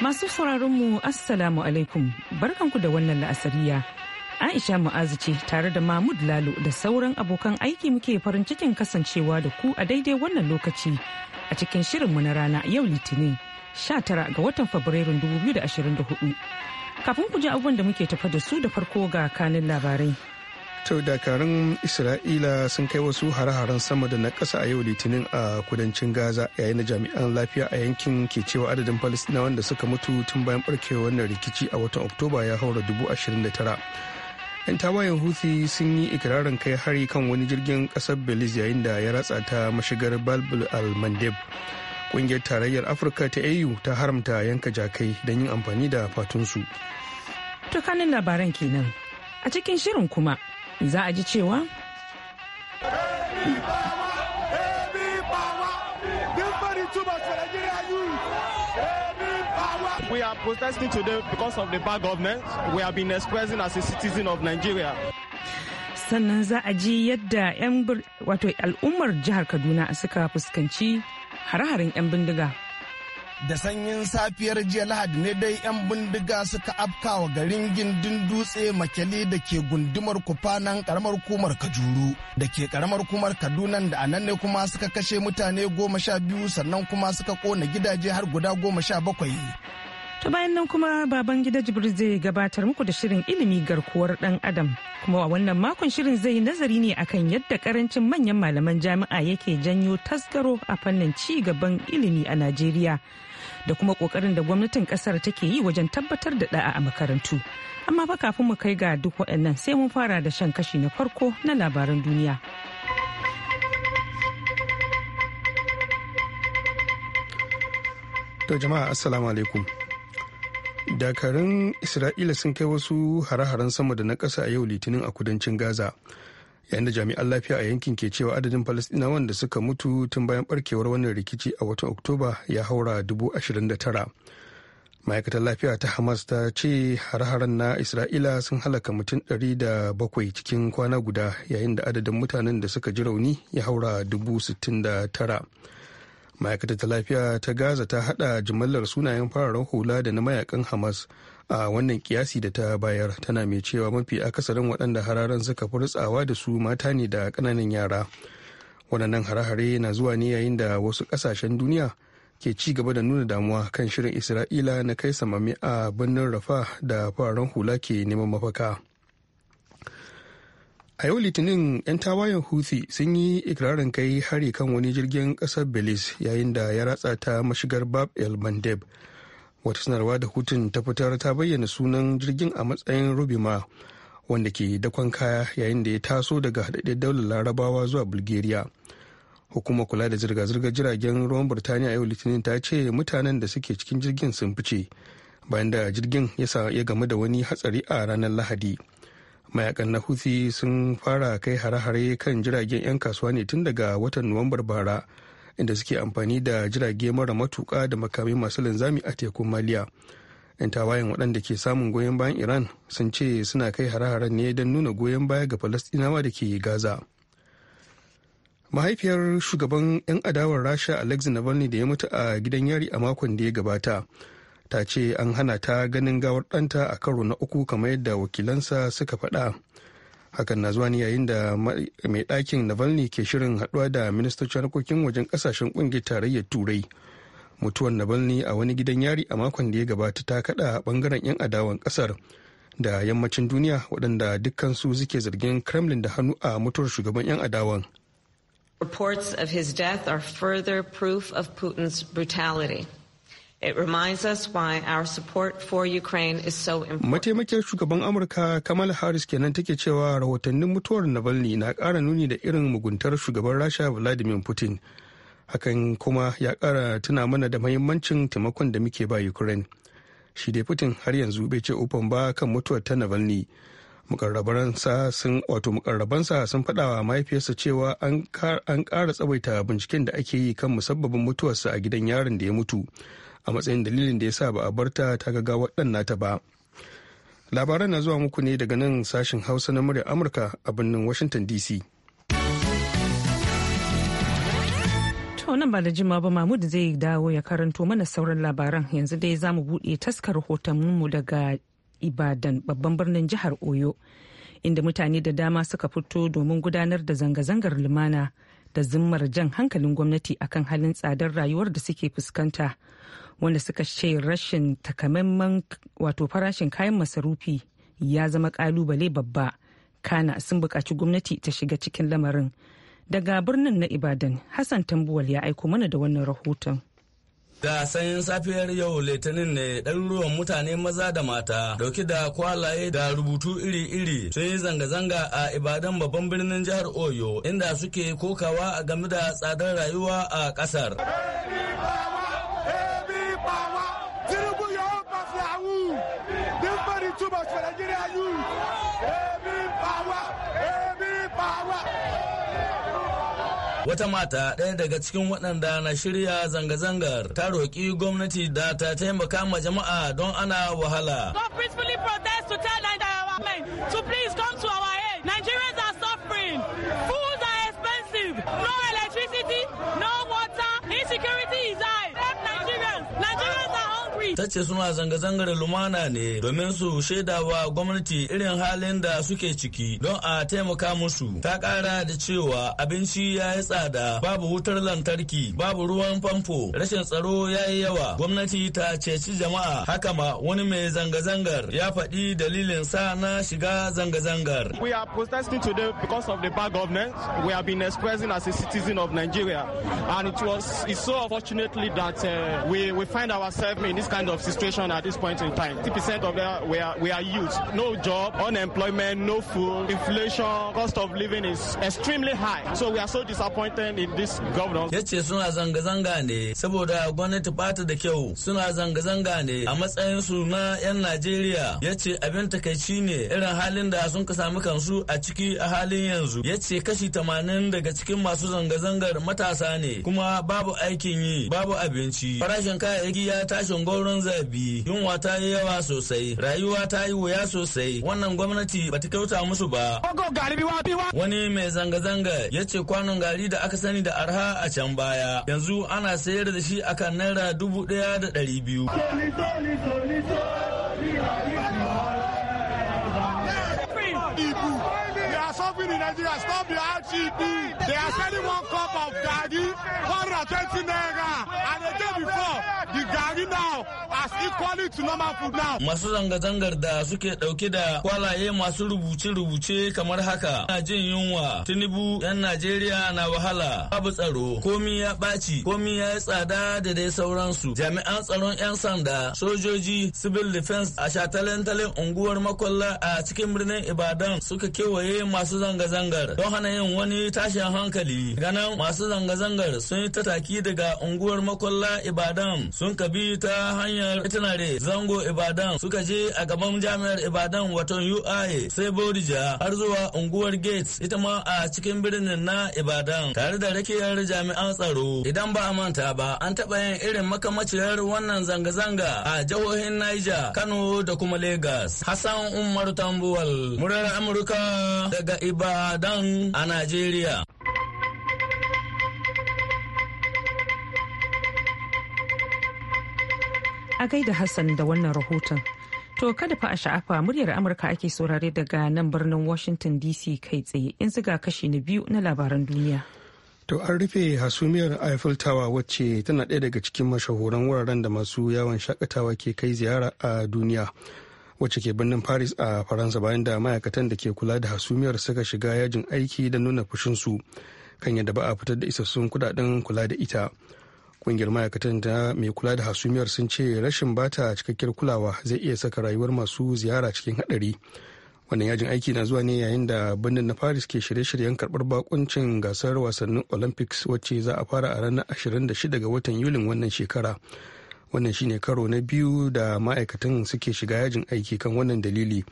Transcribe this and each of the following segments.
Masu sauraronmu Assalamu alaikum barkanku da wannan la'asariya. Aisha Mu'azu ce tare da Mahmud Lalo da sauran abokan aiki muke farin cikin kasancewa da ku a daidai wannan lokaci a cikin shirinmu na rana yau Litinin 19 ga watan Fabrairun 2024. Kafin ku ji abubuwan da muke tafa da su da farko ga kanin labarai. to dakarun isra'ila sun kai wasu hare-haren sama da na ƙasa a yau litinin a kudancin gaza yayin da jami'an lafiya a yankin ke cewa adadin falistinawan da suka mutu tun bayan barkewar wannan rikici a watan oktoba ya haura dubu ashirin da tara 'yan tawayen houthi sun yi ikirarin kai hari kan wani jirgin kasar belize yayin da ya ratsa ta mashigar balbul al-mandeb kungiyar tarayyar afirka ta au ta haramta yanka jakai don yin amfani da fatunsu tukanin labaran kenan a cikin shirin kuma za a ji cewa We are protesting today because of the bad governance we have been expressing as a citizen of Nigeria. Sannan za a ji yadda 'yan wato al'ummar jihar Kaduna suka fuskanci hare-haren 'yan bindiga da sanyin safiyar jiya lahadi ne dai 'yan bindiga suka afkawa garin gindin dutse makele da ke gundumar kufanan karamar kumar kajuru da ke karamar kumar kaduna da anan ne kuma suka kashe mutane goma sha biyu sannan kuma suka kona gidaje har guda goma sha bakwai ta bayan nan kuma baban gida jibril zai gabatar muku da shirin ilimi garkuwar dan adam kuma a wannan makon shirin zai yi nazari ne akan yadda karancin manyan malaman jami'a yake janyo tasgaro a fannin ci gaban ilimi a najeriya da kuma kokarin da gwamnatin kasar take yi wajen tabbatar da da'a a makarantu amma fa kafin mu kai ga duk waɗannan sai mun fara da shan kashi na farko na labaran duniya to jama'a assalamu alaikum dakarun isra'ila sun kai wasu hare-haren sama da na ƙasa a yau litinin a kudancin gaza da jami'an lafiya a yankin ke cewa adadin falastinawan da suka mutu tun bayan barkewar wannan rikici a watan oktoba ya haura dubu ashirin da tara ma'aikatar lafiya ta hamas ta ce har-haren na isra'ila sun halaka mutum ɗari da bakwai cikin kwana guda yayin da adadin mutanen da suka ji rauni ya haura dubu sittin da tara ma'aikatar ta lafiya ta gaza ta hada jimallar sunayen fararen hula da na mayakan hamas a wannan kiyasi da ta bayar tana mai cewa mafi akasarin waɗanda hararan suka fi rutsawa da su mata ne da ƙananan yara waɗannan hare-hare na zuwa ne yayin da wasu ƙasashen duniya ke ci gaba da nuna damuwa kan shirin isra'ila na kai samami a birnin rafa da fararen hula ke neman mafaka a yau litinin 'yan tawayen houthi sun yi ikirarin kai hari kan wani jirgin kasar belize yayin da ya ratsa ta mashigar bab el mandeb wata sanarwa da hutun ta fitar ta bayyana sunan jirgin a matsayin rubima wanda ke dakon kaya yayin da ya taso daga haɗaɗɗen daular larabawa zuwa bulgaria hukumar kula da zirga-zirgar jiragen ruwan birtaniya yau litinin ta ce mutanen da suke cikin jirgin sun fice bayan da jirgin ya gamu da wani hatsari a ranar lahadi mayakan na huthi sun fara kai hare-hare kan jiragen 'yan kasuwa ne tun daga watan nuwambar bara inda suke amfani da jirage mara matuka da makamai masu linzami a tekun maliya yan tawayen waɗanda ke samun goyon bayan iran sun ce suna kai hare-haren ne don nuna goyon baya ga falastinawa da ke gaza mahaifiyar shugaban 'yan adawar rasha alexei navalny da ya mutu a gidan yari a makon da ya gabata ta ce an hana ta ganin gawar ɗanta a karo na uku kamar yadda wakilansa suka faɗa hakan na zuwa ne yayin da mai ɗakin navalny ke shirin haɗuwa da ministocin harkokin wajen ƙasashen ƙungiyar tarayyar turai mutuwar navalny a wani gidan yari a makon da ya gabata ta kaɗa ɓangaren 'yan adawan ƙasar da yammacin duniya waɗanda dukkansu suke zargin kremlin da hannu a mutuwar shugaban 'yan adawan Reports of his death are further proof of Putin's brutality. It reminds us for Ukraine is Mataimakiyar shugaban Amurka Kamala Harris kenan take cewa rahotannin mutuwar Navalny na ƙara nuni da irin muguntar shugaban Rasha Vladimir Putin. Hakan kuma ya ƙara tuna mana da mahimmancin taimakon da muke ba Ukraine. Shi dai Putin har yanzu bai ce ofan ba kan mutuwar ta Navalny. Mukarrabansa sun wato mukarrabansa sun faɗa wa mahaifiyarsa cewa an ƙara tsawaita binciken da ake yi kan musabbabin mutuwarsa a gidan yaron da ya mutu. a matsayin dalilin da ya sa ba a bar ta ta ga gawar ɗan nata ba labaran na zuwa muku ne daga nan sashin hausa na murya amurka a birnin washington dc nan ba da jima ba mahmud zai dawo ya karanto mana sauran labaran yanzu dai za mu buɗe taskar mu daga ibadan babban birnin jihar oyo inda mutane da dama suka fito domin gudanar da zanga-zangar lumana da zimmar jan hankalin gwamnati akan halin tsadar rayuwar da suke fuskanta wanda suka ce rashin takamaiman wato farashin kayan masarufi ya zama kalubale babba kana sun buƙaci gwamnati ta shiga cikin lamarin daga birnin na ibadan hassan tambuwal ya aiko mana da wannan rahoton Da sanyin safiyar yau litinin ne ɗaruruwan mutane maza da mata dauki da kwalaye da rubutu iri-iri sun yi zanga-zanga a Ibadan babban birnin jihar Oyo inda suke kokawa a game da tsadar rayuwa a ƙasar. Wata mata ɗaya daga cikin waɗanda na shirya zanga-zangar ta roƙi gwamnati da ta taimaka ma jama'a don ana wahala. Go peacefully protest to tell Nigerian Nigerians are suffering. Food are expensive. No ta ce suna zanga-zangar lumana ne domin su gwamnati irin halin da suke ciki don a taimaka musu. Ta kara da cewa abinci ya yi tsada, babu wutar lantarki, babu ruwan famfo, rashin tsaro ya yi yawa. Gwamnati ta ceci jama'a haka ma wani mai zanga-zangar ya faɗi dalilin sa na shiga zanga-zangar. We are protesting today because of the bad governance we have been expressing as a citizen of Nigeria and it was it's so unfortunately that uh, we we find ourselves in this kind of of situation at this point in time. 50% of them we are, we are youth. No job, unemployment, no food, inflation, cost of living is extremely high. So we are so disappointed in this government. suna zanga-zanga ne saboda gwamnati da kyau. Suna zanga-zanga ne a matsayin su Najeriya. abin ne irin halin da sun ka kansu a ciki a halin yanzu. kashi daga cikin masu zanga-zangar matasa ne kuma babu aikin yi, babu abinci. Farashin kayayyaki ya zabi yunwa ta yi yawa sosai rayuwa ta yi wuya sosai wannan gwamnati bata kyauta musu ba wani mai zanga-zanga ya ce kwanon gari da aka sani da arha a can baya yanzu ana sayar da shi akan naira dubu ɗaya da ɗari biyu in Nigeria. Stop the RCD. They are selling one cup of Gagi, 120 naira. And the day before, the Gagi now has equally to normal food now. Masu zanga-zangar da suke ɗauke da kwalaye masu rubuce-rubuce kamar haka. Na jin yunwa, Tinubu, 'yan Najeriya na wahala, babu tsaro, komi ya ɓaci, komi ya yi tsada da dai sauransu. Jami'an tsaron 'yan sanda, sojoji, civil defense a shatalentalin unguwar makwalla a cikin birnin Ibadan suka kewaye masu zanga zanga-zangar don hana yin wani tashin hankali ganin masu zanga-zangar sun yi ta taki daga unguwar makwalla ibadan sun kabi ta hanyar itinare zango ibadan suka je a gaban jami'ar ibadan wato ui sai borija har zuwa unguwar gates ita ma a cikin birnin na ibadan tare da rakiyar jami'an tsaro idan ba a manta ba an taɓa yin irin makamaciyar wannan zanga-zanga a jihohin niger kano da kuma lagos hassan umar tambuwal murar amurka daga ibadan Ibadan a Najeriya. A gaida Hassan da wannan rahoton. To kada fa a sha'afa muryar Amurka ake saurare daga nan birnin Washington DC kai tsaye in ziga kashi na biyu na labaran duniya. To an rufe hasumiyar Eiffel Tower wacce tana ɗaya daga cikin mashahuran wuraren da masu yawon shakatawa ke kai ziyara a duniya. wacce ke birnin paris a faransa bayan da ma'aikatan da ke kula da hasumiyar suka shiga yajin aiki da nuna fushinsu kan yadda ba a fitar da isassun kudaden kula da ita kungiyar ma'aikatan da mai kula da hasumiyar sun ce rashin bata cikakkiyar kulawa zai iya saka rayuwar masu ziyara cikin hadari wannan yajin aiki na zuwa ne yayin da birnin na paris ke shirye-shiryen karbar bakuncin gasar wasannin olympics wacce za a fara a ranar 26 ga watan yulin wannan shekara wannan shine karo na biyu da ma'aikatan suke shiga yajin aiki kan wannan dalili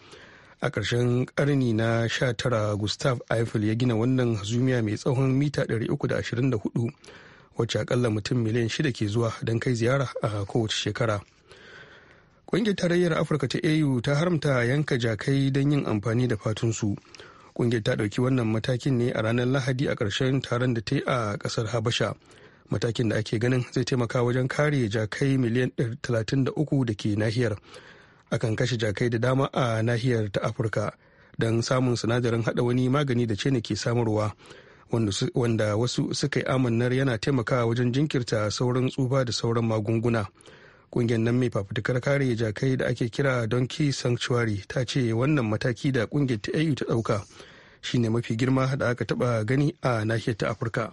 a ƙarshen ƙarni na 19 gustav eiffel ya gina wannan hazumiya mai tsawon mita 324 wacce akalla mutum miliyan shida ke zuwa don kai ziyara a kowace shekara ƙungiyar tarayyar afirka ta au ta haramta yanka jakai don yin amfani da fatunsu ƙungiyar ta ɗauki wannan matakin ne a ranar lahadi a ƙarshen taron da ta yi a ƙasar habasha matakin da ake ganin zai taimaka wajen kare jakai miliyan 33 da ke nahiyar akan kashe jakai da dama a nahiyar ta afirka don samun sinadarin hada wani magani da ce ke samarwa wanda wasu suka yi amannar yana taimakawa wajen jinkirta sauran tsufa da sauran magunguna kungiyar nan mai fafutukar kare jakai da ake kira donkey sanctuary ta ce wannan mataki da kungiyar ta au ta dauka shine mafi girma da aka taba gani a nahiyar ta afirka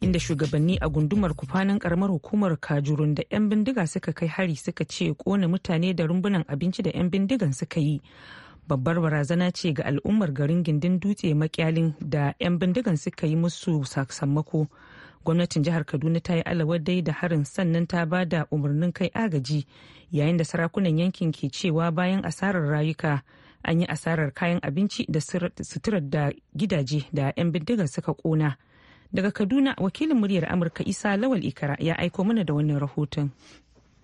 inda shugabanni a gundumar kufanin karamar hukumar kajurun da 'yan bindiga suka kai hari suka ce kone mutane da rumbunan abinci da 'yan bindigan suka yi babbar barazana ce ga al'ummar garin gindin dutse makyalin da 'yan bindigan suka yi musu sakamako gwamnatin jihar kaduna ta yi alawadai da harin sannan ta ba da umarnin kai agaji yayin da sarakunan yankin ke cewa bayan asarar rayuka an yi asarar kayan abinci da suturar da gidaje da 'yan bindigan suka kona Daga Kaduna wakilin muryar Amurka Isa Lawal Ikara ya aiko mana da wannan rahoton.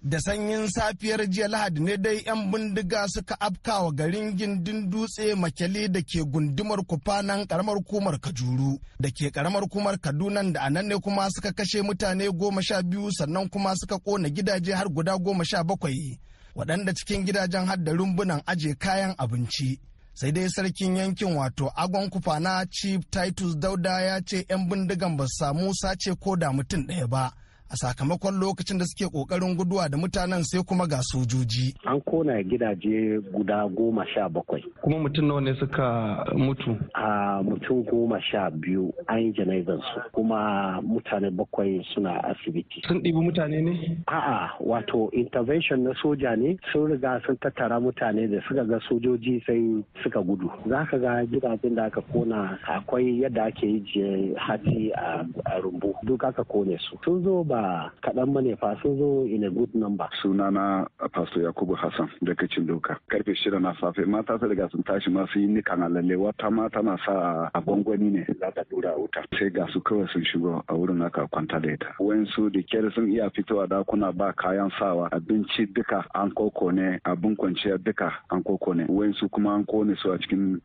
da sanyin safiyar jiya lahadi ne dai 'yan bindiga suka afkawa garin gindin dutse makyali da ke gundumar kufanan karamar kumar kajuru da ke karamar kumar kaduna da anan ne kuma suka kashe mutane goma sha biyu sannan kuma suka kona gidaje har guda goma sha bakwai waɗanda cikin gidajen har rumbunan aje kayan abinci sai dai sarkin yankin wato agon kufa na chief titus dauda ya ce 'yan bindigan ba su samu sace ko da mutum ɗaya ba a sakamakon lokacin da suke kokarin guduwa da mutanen sai kuma ga sojoji. An kona gidaje guda goma sha bakwai. Kuma mutum nawa ne suka mutu? A mutum goma sha biyu an yi jana'izar kuma mutane bakwai suna asibiti. Sun ɗibi mutane ne? A'a wato intervention na soja ne sun riga sun tattara mutane da suka ga sojoji sai suka gudu. Za ka ga gidajen da aka kona akwai yadda ake yi hati a rumbu duk aka kone su. Sun zo ba ba kaɗan ba ne fa sun zo in a good number. Sunana uh, Pastor Yakubu Hassan daga doka Karfe shida na safe mata su riga sun tashi ma su yi na lalle, wata ma tana sa a gwangwani ne za ta wuta. Sai ga su kawai sun shigo a wurin aka kwanta da ita. Wayansu da kyar sun iya fitowa dakuna ba kayan sawa abinci duka an koko ne abin kwanciya duka an koko ne. Wayansu kuma an kone su a cikin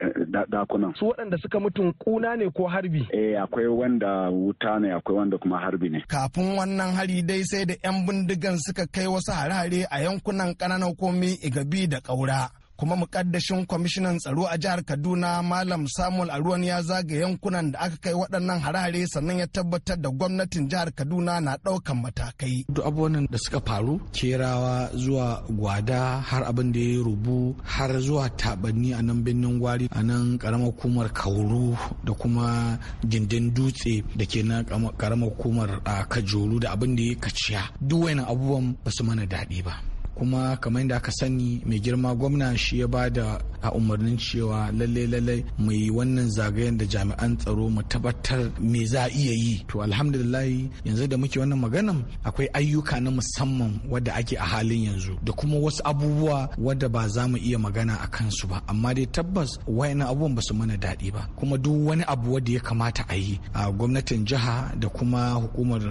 dakunan. Eh, su waɗanda suka mutun kuna ne ko harbi? Eh akwai wanda wuta ne akwai wanda kuma harbi ne. Kafin wannan wannan hari dai sai da 'yan bindigan suka kai wasu hare-hare a yankunan ƙananan komi igabi da ƙaura kuma mukaddashin kwamishinan tsaro a jihar kaduna malam samuel aruwan ya zaga yankunan da aka kai waɗannan harare sannan ya tabbatar da gwamnatin jihar kaduna na ɗaukan matakai duk abubuwan da suka faru kerawa zuwa gwada har abin da ya rubu har zuwa tabanni a nan birnin gwari a nan karamar hukumar kauru da kuma gindin dutse da ke na karamar hukumar kajoru da abin da ya kaciya duk wani abubuwan ba su mana daɗi ba kuma kamar yadda aka sani mai girma gwamna shi ya ba da a umarnin cewa lalle lalle mu wannan zagayen da jami'an tsaro mu tabbatar me za iya yi to alhamdulillah yanzu da muke wannan maganan akwai ayyuka na musamman wadda ake a halin yanzu da kuma wasu abubuwa wadda ba za mu iya magana a kansu ba amma dai tabbas wayannan abubuwan ba su mana daɗi ba kuma duk wani abu wanda ya kamata a yi a gwamnatin jiha da kuma hukumar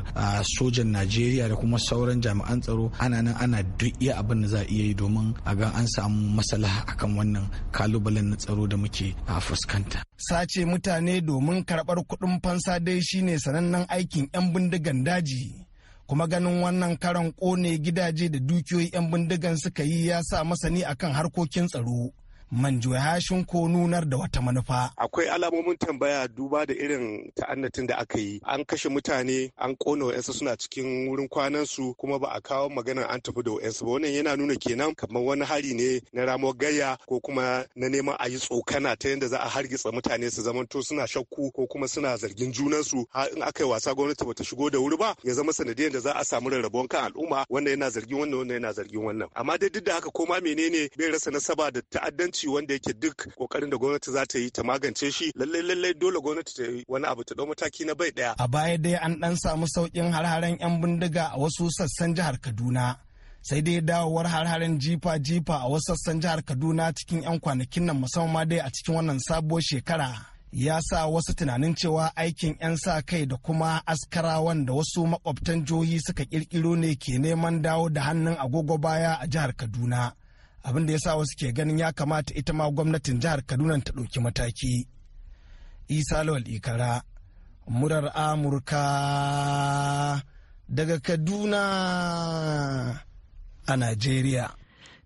sojan najeriya da kuma sauran jami'an tsaro ana nan ana duk iya abin da za a iya yi domin a ga an samu maslaha akan wannan kalubalen na tsaro da muke a ah, fuskanta. Sace mutane domin karɓar kuɗin fansa dai shine sanannen aikin 'yan bindigan daji. kuma ganin wannan karan kone gidaje da dukiyoyi 'yan bindigan suka yi ya sa masani akan harkokin tsaro manjo ya shinko nunar da wata manufa. Akwai alamomin tambaya duba da irin ta'annatin da aka yi. An kashe mutane, an kona wa'yansu suna cikin wurin kwanansu kuma ba a kawo maganar an tafi da wa'yansu ba. Wannan yana nuna kenan kamar wani hari ne na ramuwar gayya ko kuma na neman a yi tsokana ta yadda za a hargitsa mutane su zamanto suna shakku ko kuma suna zargin junansu. Har in aka yi wasa gwamnati bata shigo da wuri ba ya zama sanadiyar da za a samu rarrabuwar kan al'umma wannan yana zargin wannan wannan yana zargin wannan. Amma dai duk da haka koma menene bai rasa nasaba da ta'addanci ci wanda yake duk kokarin da gwamnati za ta yi ta magance shi lallai lallai dole gwamnati ta yi wani abu ta dau mataki na bai daya a baya dai an dan samu saukin har yan bindiga a wasu sassan jihar Kaduna sai dai dawowar har jifa-jifa a wasu sassan jihar Kaduna cikin yan kwanakin nan musamman dai a cikin wannan sabuwar shekara ya sa wasu tunanin cewa aikin 'yan sa kai da kuma askarawan da wasu makwabtan jihohi suka kirkiro ne ke neman dawo da hannun agogo baya a jihar kaduna abin da ya sa wasu ke ganin ya kamata ita ma gwamnatin jihar kaduna ta ɗauki mataki isa lawal ikara murar amurka daga kaduna a najeriya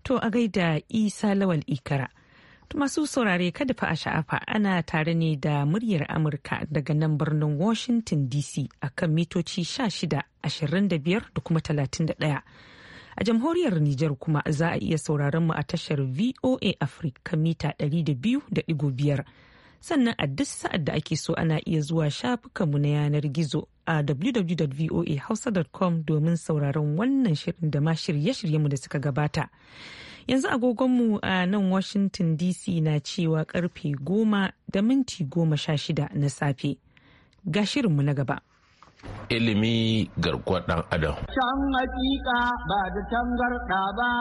to a gaida isa lawal ikara masu saurare kada fa a sha'afa ana tare ne da muryar amurka daga nan birnin washington dc a kan mitoci 16 25 da kuma 31 A jamhuriyar Nijar kuma za a iya sauraron mu a tashar VOA Africa mita 200.5. Sannan a duk sa'ad da ake so ana iya zuwa shafukanmu na yanar gizo a www.voahausa.com domin sauraron wannan shirin da ma shirye-shiryenmu da suka gabata. Yanzu agogonmu a nan Washington DC na cewa karfe goma da minti goma sha shida na safe. Ga shirinmu na gaba. ilimi garkuwar dan adam. Can hakika ba da tangarɗa ba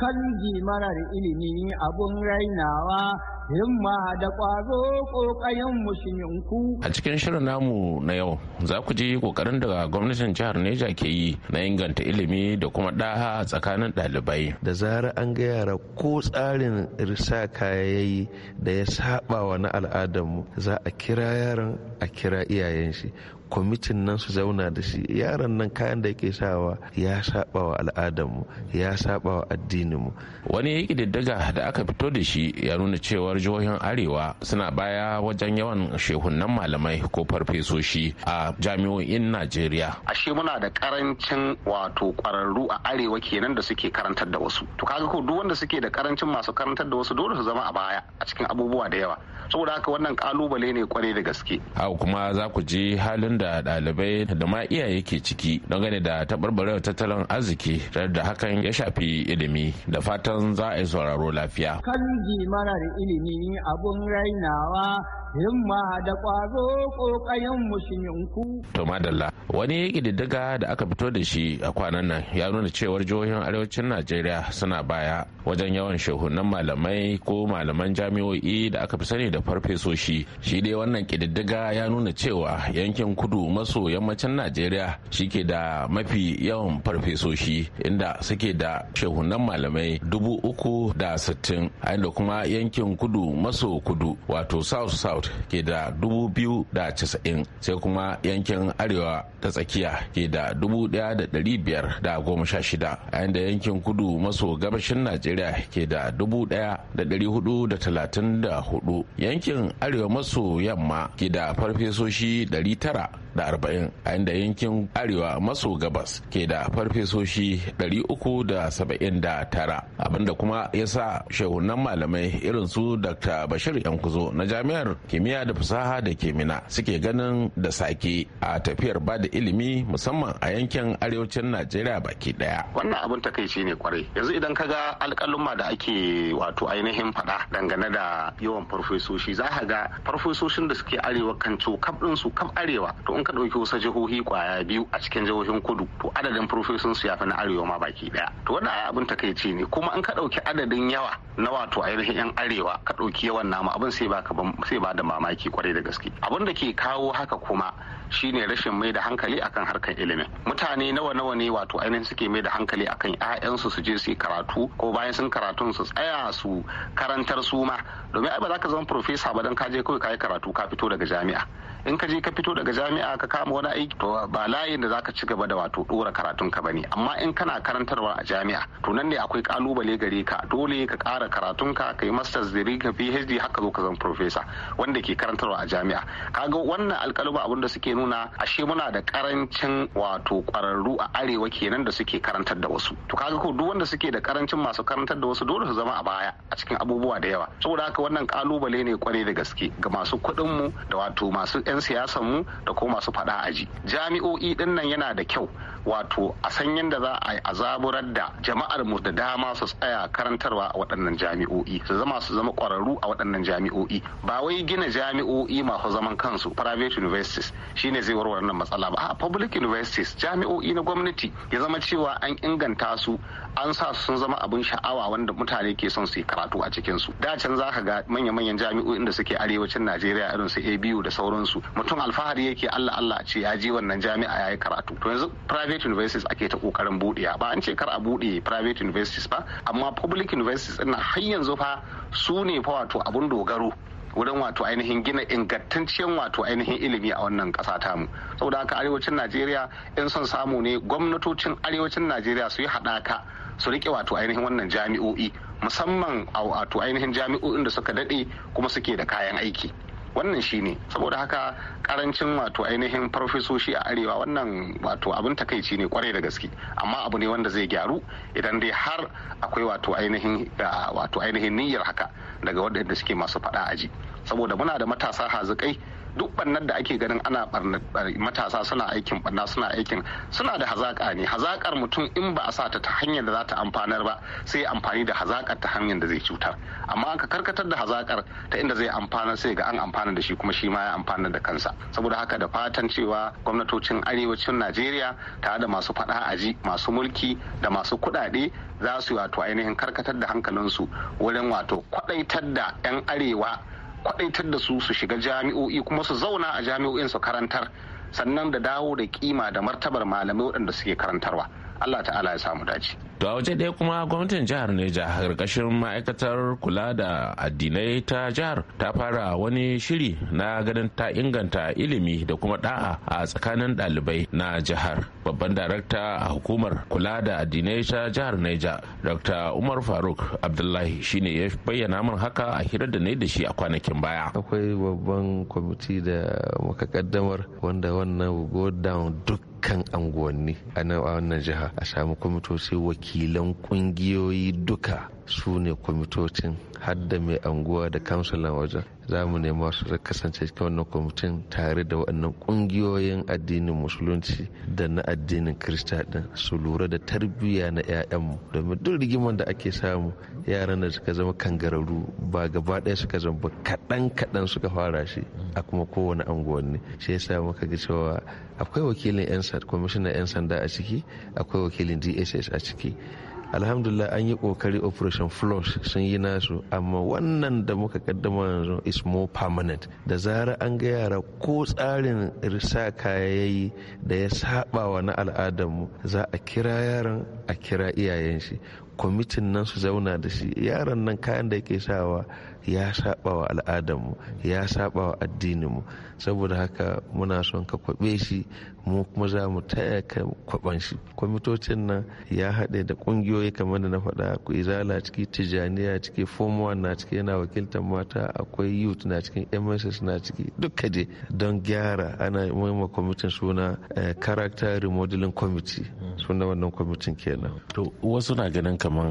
kan marar ilimi abun rainawa himma da ƙwazo ƙoƙayen musulminku. A cikin shirin namu na yau za ku ji ƙoƙarin da gwamnatin jihar Neja ke yi na inganta ilimi da kuma ɗaha tsakanin ɗalibai. Da zara an ga yara ko tsarin risa kayayi da ya saba wa na al'adarmu za a kira yaran a kira iyayen shi kwamitin nan su zauna da shi yaran nan kayan da yake sawa ya saba wa al'adarmu ya saba wa addininmu wani diddiga da aka fito da shi ya nuna cewar jihohin arewa suna baya wajen yawan shehunan malamai ko farfesoshi a jami'o'in najeriya ashe muna da karancin wato kwararru a arewa kenan da suke karantar da wasu to kaga ko duk wanda suke da karancin masu karantar da wasu dole su zama a baya a cikin abubuwa da yawa saboda haka wannan kalubale ne kwarai da gaske a kuma za ku ji halin da da ɗalibai da ma iyaye ke ciki don gane da taɓarɓarewar tattalin arziki tare da hakan ya shafi ilimi da fatan za a yi sauraro lafiya. Kan mana da ilimi abun rainawa himma da ƙwazo ƙoƙayen mushiminku. To madalla wani ƙididdiga da aka fito da shi a kwanan nan ya nuna cewar jihohin arewacin Najeriya suna baya wajen yawan shehunan malamai ko malaman jami'o'i da aka fi sani da farfesoshi. Shi dai wannan ƙididdiga ya nuna cewa yankin kudu maso yammacin Najeriya shi ke da mafi yawan farfesoshi inda suke da shehunan malamai dubu uku da sittin, da kuma yankin kudu maso kudu wato south south south ke da 2,090 sai kuma yankin arewa ta tsakiya ke da 1,516 a da yankin kudu maso gabashin najeriya ke da 1,434 yankin arewa maso yamma ke da farfesoshi 900 da arba'in a inda yankin arewa maso gabas ke da farfesoshi uku da saba'in da tara abinda kuma ya sa shehunan malamai irinsu dr bashir yankuzo na jami'ar kimiyya da fasaha da kimina suke ganin da sake a tafiyar ba da ilimi musamman a yankin arewacin najeriya baki daya wannan abin takaici ne kwarai yanzu idan ka ga alƙaluma da ake wato ainihin faɗa dangane da yawan farfesoshi za ka ga farfesoshin da suke arewa kan kam din su kam arewa to in ka ɗauki wasu jihohi kwaya biyu a cikin jihohin kudu to adadin farfesoshin su ya fi na arewa ma baki daya to wannan abin takaici ne kuma in ka ɗauki adadin yawa na wato ainihin yan arewa ka ɗauki yawan namu abin sai ba sai ba da mamaki kwarai da gaske abin da ke kawo haka kuma shine rashin mai da hankali akan harkar ilimin mutane nawa nawa ne wato ainihin suke mai da hankali akan 'ya'yansu su je su karatu ko bayan sun karatun su tsaya su karantar su ma domin ai ba za ka zama profesa ba dan ka je kawai ka yi karatu ka fito daga jami'a in ka je ka fito daga jami'a ka kama wani aiki to ba layin da zaka ci gaba da wato dora karatun ka bane amma in kana karantarwa a jami'a to nan ne akwai kalubale gare ka dole ka kara karatun ka kai masters degree ka PhD haka zo ka zama professor wanda ke karantarwa a jami'a kaga wannan alƙaluba abin da suke nuna ashe muna da karancin wato ƙwararru a arewa kenan da suke karantar da wasu to kaga ko duk wanda suke da karancin masu karantar da wasu dole su zama a baya a cikin abubuwa da yawa saboda haka wannan kalubale ne kwarai da gaske ga masu kuɗin mu da wato masu 'yan siyasar mu da ko masu faɗa aji jami'o'i dinnan yana da kyau wato a san yadda za a yi a zaburar da jama'ar mu da dama su tsaya karantarwa a waɗannan jami'o'i su zama su zama ƙwararru a waɗannan jami'o'i ba wai gina jami'o'i masu zaman kansu private universities shine zai warware wannan matsala ba a public universities jami'o'i na gwamnati ya zama cewa an inganta su an sa su sun zama abin sha'awa wanda mutane ke son su yi karatu a cikin su da can zaka ga manya-manyan jami'o'in da suke arewacin Najeriya irin su ABU da sauransu mutum alfahari yake Allah Allah ce ya je wannan jami'a ya yi karatu to yanzu private private universities ake ta kokarin buɗe ba an ce kar a buɗe private universities ba amma public universities ɗin har yanzu fa su ne fa wato abun dogaro wurin wato ainihin gina ingantaccen wato ainihin ilimi a wannan ƙasa tamu saboda haka arewacin najeriya in son samu ne gwamnatocin arewacin najeriya su yi haɗaka su riƙe wato ainihin wannan jami'o'i musamman a wato ainihin jami'o'in da suka daɗe kuma suke da kayan aiki wannan shi ne saboda haka karancin wato ainihin farfesoshi a arewa wannan wato abin takaici ne kwarai da gaske amma abu ne wanda zai gyaru idan dai har akwai wato ainihin da wato ainihin niyyar haka daga waɗanda suke masu faɗa aji saboda muna da matasa hazikai duk barnar da ake ganin ana barnar matasa suna aikin barna suna aikin suna da hazaka ne hazakar mutum in ba a sa ta ta hanyar da za ta amfanar ba sai amfani da hazakar ta hanyar da zai cutar amma ka karkatar da hazakar ta inda zai amfana sai ga an amfana da shi kuma shi ma ya amfana da kansa saboda haka da fatan cewa gwamnatocin arewacin najeriya tare da masu fada aji masu mulki da masu kuɗaɗe za su wato ainihin karkatar da hankalinsu wurin wato kwadaitar da 'yan arewa kwadaitar da su su shiga jami'o'i kuma su zauna a jami'o'in su karantar sannan da dawo da kima da martabar malamai waɗanda suke karantarwa Allah ta'ala ya samu dace. To a waje ɗaya kuma gwamnatin jihar Neja ƙarƙashin ma'aikatar kula da addinai ta jihar ta fara wani shiri na ganin ta inganta ilimi da kuma ɗa'a a tsakanin ɗalibai na jihar. Babban darakta a hukumar kula da addinai ta jihar Neja, Dr. Umar Faruk Abdullahi shine ya bayyana min haka a hirar da ne da shi a kwanakin baya. Akwai babban kwamiti da muka kaddamar wanda wannan go down dukkan anguwanni a wannan jiha a samu kwamitoci wakilan kungiyoyi duka su ne kwamitocin hadda mai anguwa da kamsulan wajen za mu nema su kasance cikin wannan kwamitin tare da waɗannan ƙungiyoyin addinin musulunci da na addinin kirista din su lura da tarbiyya na 'ya'yanmu domin duk rigimar da ake samu yaran da suka zama kangararru ba gaba ɗaya suka zama ba kaɗan kaɗan suka fara shi a kuma kowane anguwanni shi sa muka ga cewa akwai wakilin 'yan 'yan sanda a ciki akwai wakilin dss a ciki alhamdulillah an yi kokari operation flush sun yi nasu amma wannan da muka kaddama yanzu is more permanent da zara an ga yara ko tsarin risa kayayi da ya saba wa na al'adarmu za a kira yaran a kira iyayen shi kwamitin nan su zauna da shi yaran nan kayan da yake sawa ya saba wa al'adarmu ya saba wa addininmu saboda haka muna son ka kwabe shi mu kuma za mu taya ka kwaban shi kwamitocin nan ya haɗe da ƙungiyoyi kamar da na faɗa akwai izala ciki tijaniya ciki form one na ciki yana wakiltar mata akwai youth na cikin mss na ciki duka dai don gyara ana maima kwamitin suna eh, character remodeling committee suna wannan kwamitin kenan to wasu na ganin kamar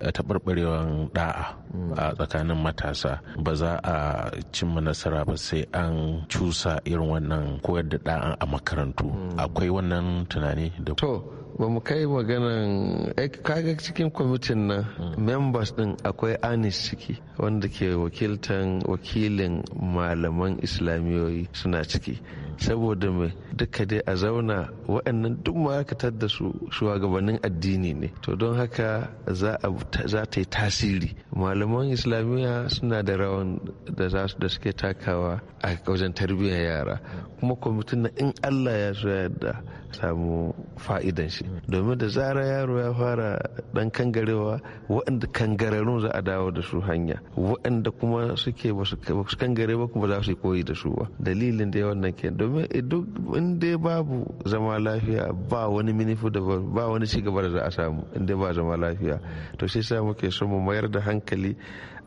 eh, taɓarɓarewar ɗa'a mm. a tsakanin matasa ba za a cimma nasara ba sai an cu rusa irin wannan koyar da ɗa'a a makarantu mm. akwai wannan tunani da to ba mu kai maganan eh, kaga cikin kwamitin nan hmm. members din akwai anis ciki wanda ke wakiltan wakilin malaman islamiyoyi suna ciki hmm. saboda mai duka dai a zauna waɗannan duk ma'aikatar da su shugabannin addini ne to don haka za ta yi tasiri malaman islamiyya suna da rawan da za su da suke takawa a wajen tarbiyyar yara hmm. kuma kwamitin na in allah ya so da samu fa'idan shi shi domin da zara yaro ya fara dan kangarewa waɗanda kangararun za a dawo da su hanya waɗanda kuma suke ba su kangare ba kuma za su koyi da su ba dalilin da wannan ke domin duk in dai babu zama lafiya ba wani minifu da ba wani cigaba da za a samu in dai ba zama lafiya to sai sa muke so mu mayar da hankali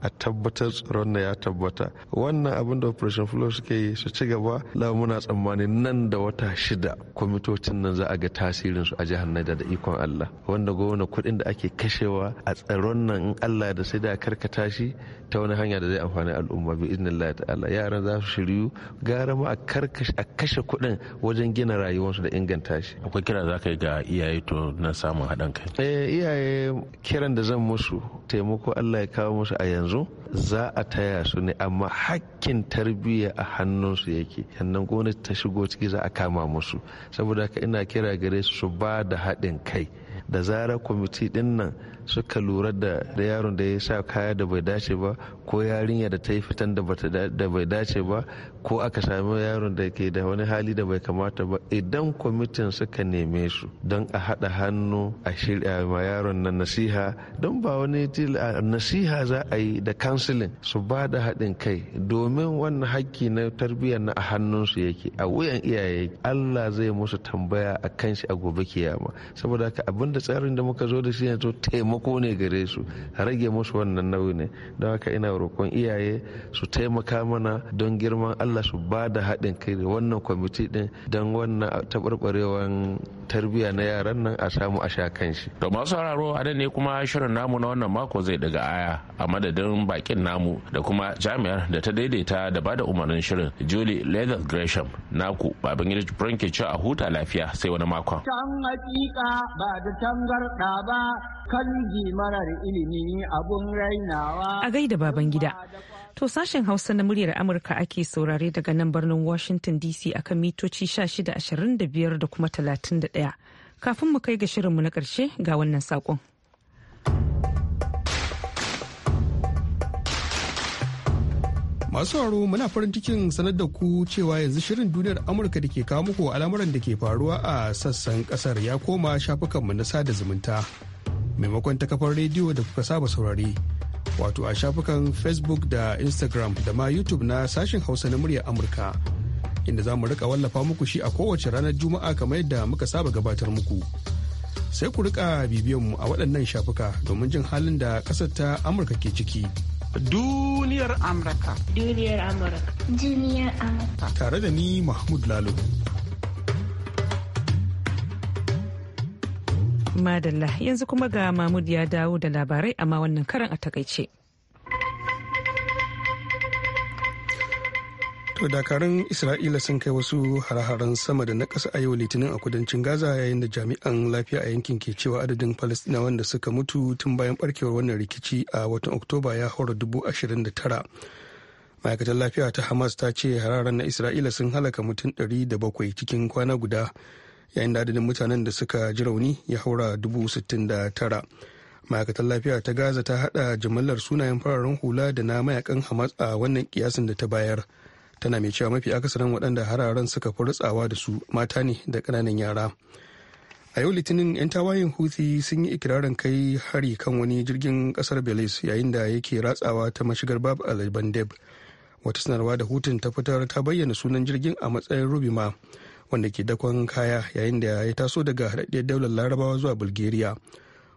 a tabbatar tsaron na ya tabbata wannan abin da operation flow suke yi su ci gaba lamuna muna tsammani nan da wata shida kwamitocin nan za a ga tasirin su a jihar Niger da ikon Allah wanda gwamna kudin da ake kashewa a tsaron nan in Allah da sai da karkata shi ta wani hanya da zai amfani al'umma bi idnillah ta'ala yaran za su shiryu gara ma a kashe kudin wajen gina rayuwarsu da inganta shi akwai kira za ka yi ga iyaye to na samun haɗin kai eh, iyaye kiran da zan musu taimako Allah ya kawo musu a yanzu yanzu za a taya su ne amma hakkin tarbiyya a hannunsu yake sannan gwamnati ta shigo ciki za a kama musu saboda haka ina kira gare su su ba da haɗin kai da zarar kwamiti ɗin nan suka lura da yaron da ya sa kaya da bai dace ba ko yarinya da ta yi fitan da bai dace ba ko aka sami yaron da ke da wani hali da bai kamata ba idan kwamitin suka neme su don a haɗa hannu a shirya ma yaron na nasiha don ba wani nasiha za a yi da kansilin su ba da haɗin kai domin wannan hakki na tarbiyya na a hannunsu yake a wuyan iyaye allah zai musu tambaya a kan shi a gobe kiyama saboda haka abinda tsarin da muka zo da shi yanzu taimako taimako ne gare su rage musu wannan nauyi ne don haka ina roƙon iyaye su taimaka mana don girman allah su ba da haɗin kai da wannan kwamiti ɗin don wannan taɓarɓarewan tarbiyya na yaran nan a samu a sha kan shi. to masu sauraro a ne kuma shirin namu na wannan mako zai daga aya a madadin bakin namu da kuma jami'ar da ta daidaita da ba da umarnin shirin julie leather gresham naku babin yadda ke a huta lafiya sai wani makon. can hakika ba da tangarɗa ba kan ilimi A gaida baban gida. To sashen Hausa na muryar Amurka ake saurare daga nan birnin Washington DC akan mitoci 1625 da kuma 31. Kafin mu kai ga shirinmu na karshe ga wannan saƙon. Masu haro muna farin cikin sanar da ku cewa yanzu shirin duniyar Amurka da ke kawo muku al'amuran da ke faruwa a sassan kasar ya koma shafukanmu na sada zumunta. maimakon ta kafar rediyo da kuka saba saurari wato a shafukan facebook da instagram da ma youtube na sashen hausa na muryar amurka inda za mu rika wallafa muku shi a kowace ranar juma'a kamar yadda muka saba gabatar muku sai ku rika bibiyan mu a waɗannan shafuka domin jin halin da ƙasar ta amurka ke ciki duniyar amurka duniyar amurka duniyar amurka tare da ni mahmud lalo Madalla yanzu kuma ga Mahmud ya dawo da labarai amma wannan karan a takaice. To dakarun Isra'ila sun kai wasu haraharan sama da na ƙasa a yau litinin a kudancin Gaza yayin da jami'an lafiya a yankin ke cewa adadin falastinawa da suka mutu tun bayan barkewar wannan rikici a watan Oktoba ya haura dubu ashirin da tara. Ma'aikatar lafiya ta Hamas ta ce hararren na Isra'ila sun halaka mutum ɗari da bakwai cikin kwana guda. yayin da adadin mutanen da suka ji rauni ya haura dubu sittin da tara ma'aikatar lafiya ta gaza ta hada jimillar sunayen fararen hula da na mayakan hamas a wannan kiyasin da ta bayar tana mai cewa mafi akasarin waɗanda hararen suka fi rutsawa da su mata ne da ƙananan yara a yau litinin 'yan tawayen houthi sun yi ikirarin kai hari kan wani jirgin ƙasar belize yayin da yake ratsawa ta mashigar bab al wata sanarwa da hutun ta fitar ta bayyana sunan jirgin a matsayin rubima wanda ke dakon kaya yayin da ya taso daga haɗaɗɗiyar daular larabawa zuwa bulgaria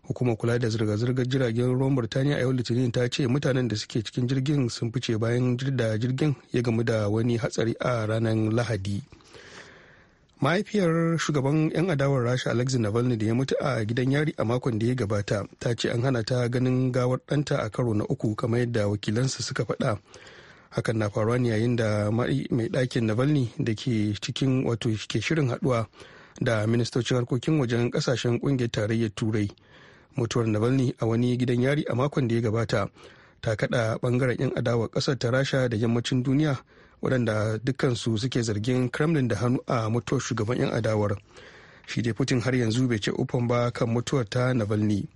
hukumar kula da zirga-zirgar jiragen ruwan burtaniya a yau litinin ta ce mutanen da suke cikin jirgin sun fice bayan jirda jirgin ya gamu da wani hatsari a ranar lahadi mahaifiyar shugaban 'yan adawar rasha alexei navalny da ya mutu a gidan yari a makon da ya gabata ta ce an hana ta ganin gawar ɗanta a karo na uku kamar yadda wakilansa suka faɗa hakan na faruwa ne yayin da mai ɗakin navalny da ke cikin wato ke shirin haɗuwa da ministocin harkokin wajen ƙasashen ƙungiyar tarayyar turai mutuwar navalny a wani gidan yari a makon da ya gabata ta kaɗa ɓangaren 'yan adawa ƙasar ta rasha da yammacin duniya waɗanda dukkansu suke zargin kremlin da hannu a mutuwar shugaban 'yan adawar shi dai putin har yanzu bai ce ufan ba kan mutuwar ta navalny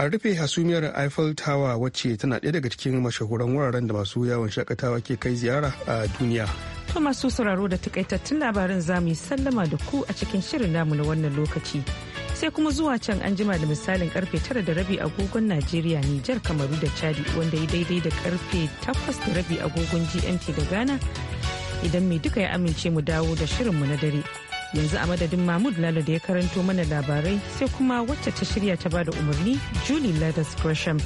a rufe hasumiyar eiffel tower wacce tana ɗaya daga cikin mashahuran wuraren da masu yawon shakatawa ke kai ziyara a duniya to masu sauraro da takaitattun labarin za mu yi sallama da ku a cikin shirin namu na wannan lokaci sai kuma zuwa can an jima da misalin karfe tara da rabi agogon najeriya nijar kamaru da chadi wanda ya daidai da karfe takwas da rabi agogon gmt da ghana idan mai duka ya amince mu dawo da shirinmu na dare yanzu a madadin mahmud lalo da ya karanto mana labarai sai kuma wacce ta shirya ta bada umarni julie ladas gresham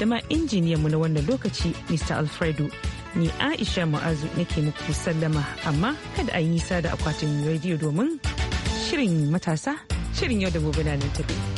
da ma mu na wannan lokaci mr alfredo ni aisha mu'azu nake muku sallama amma kada a yi nisa da akwatin rediyo domin shirin matasa shirin yau da gobe na